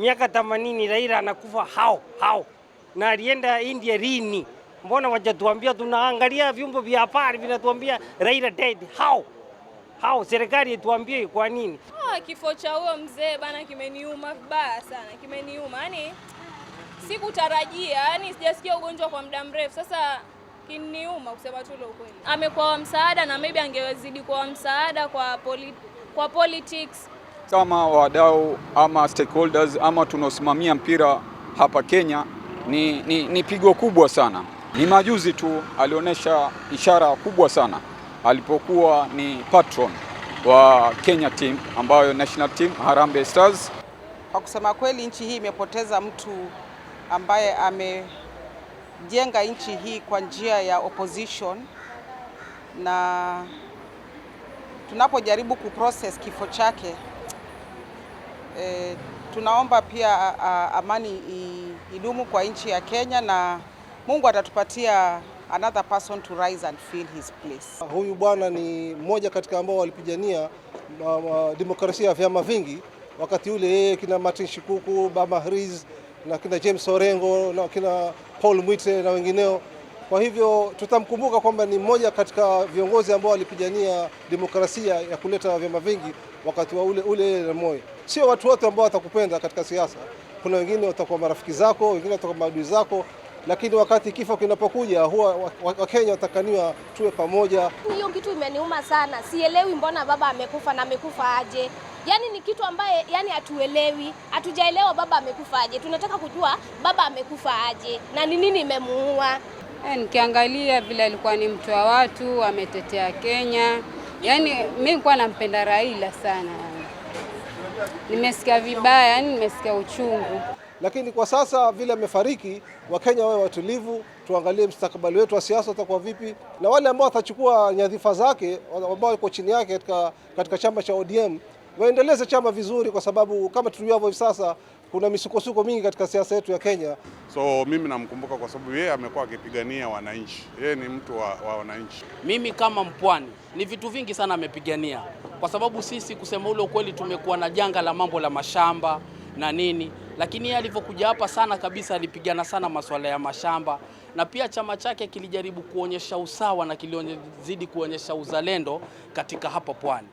miaka 80 Raila anakufa hao hao, na alienda India lini? Mbona wajatuambia? Tunaangalia vyombo vya habari vinatuambia Raila dead hao hao, serikali ituambie kwa nini? Oh, kifo cha huyo mzee bana kimeniuma vibaya sana, kimeniuma yani sikutarajia, yani sijasikia ugonjwa kwa muda mrefu sasa kiniuma kusema tu ukweli. Amekuwa msaada na maybe angezidi kuwa msaada kwa poli, kwa politics kama wadau ama stakeholders ama tunaosimamia mpira hapa Kenya ni, ni, ni pigo kubwa sana. Ni majuzi tu alionyesha ishara kubwa sana alipokuwa ni patron wa Kenya team ambayo national team Harambee Stars. Kwa kusema kweli, nchi hii imepoteza mtu ambaye amejenga nchi hii kwa njia ya opposition, na tunapojaribu kuprocess kifo chake E, tunaomba pia a, a, amani idumu kwa nchi ya Kenya na Mungu atatupatia another person to rise and fill his place. Huyu bwana ni mmoja katika ambao walipigania demokrasia ya vyama vingi wakati ule, yeye kina Martin Shikuku, Baba Hriz na kina James Orengo na kina Paul Mwite na wengineo kwa hivyo tutamkumbuka kwamba ni mmoja katika viongozi ambao walipigania demokrasia ya kuleta vyama vingi wakati wa ule ule Moi. Sio watu wote ambao watakupenda katika siasa. Kuna wengine watakuwa marafiki zako, wengine watakuwa maadui zako, lakini wakati kifo kinapokuja huwa Wakenya watakaniwa tuwe pamoja. Hiyo kitu imeniuma sana, sielewi mbona baba amekufa na amekufa aje. Yaani ni kitu ambaye yani hatuelewi, hatujaelewa baba amekufa aje. Tunataka kujua baba amekufa aje na ni nini imemuua. E, nikiangalia vile alikuwa ni mtu wa watu, ametetea Kenya. Yaani mimi nilikuwa nampenda Raila sana, nimesikia vibaya, yani nimesikia uchungu, lakini kwa sasa vile amefariki, Wakenya wawe watulivu, tuangalie mstakabali wetu wa siasa utakuwa vipi, na wale ambao watachukua nyadhifa zake ambao wako chini yake katika, katika chama cha ODM waendeleze chama vizuri, kwa sababu kama tulivyo hivi sasa kuna misukosuko mingi katika siasa yetu ya Kenya. So mimi namkumbuka kwa sababu yeye amekuwa akipigania wananchi, yeye ni mtu wa, wa wananchi. Mimi kama mpwani, ni vitu vingi sana amepigania, kwa sababu sisi kusema ule ukweli tumekuwa na janga la mambo la mashamba na nini, lakini yeye alivyokuja hapa sana kabisa alipigana sana masuala ya mashamba, na pia chama chake kilijaribu kuonyesha usawa na kilizidi kuonyesha uzalendo katika hapa pwani.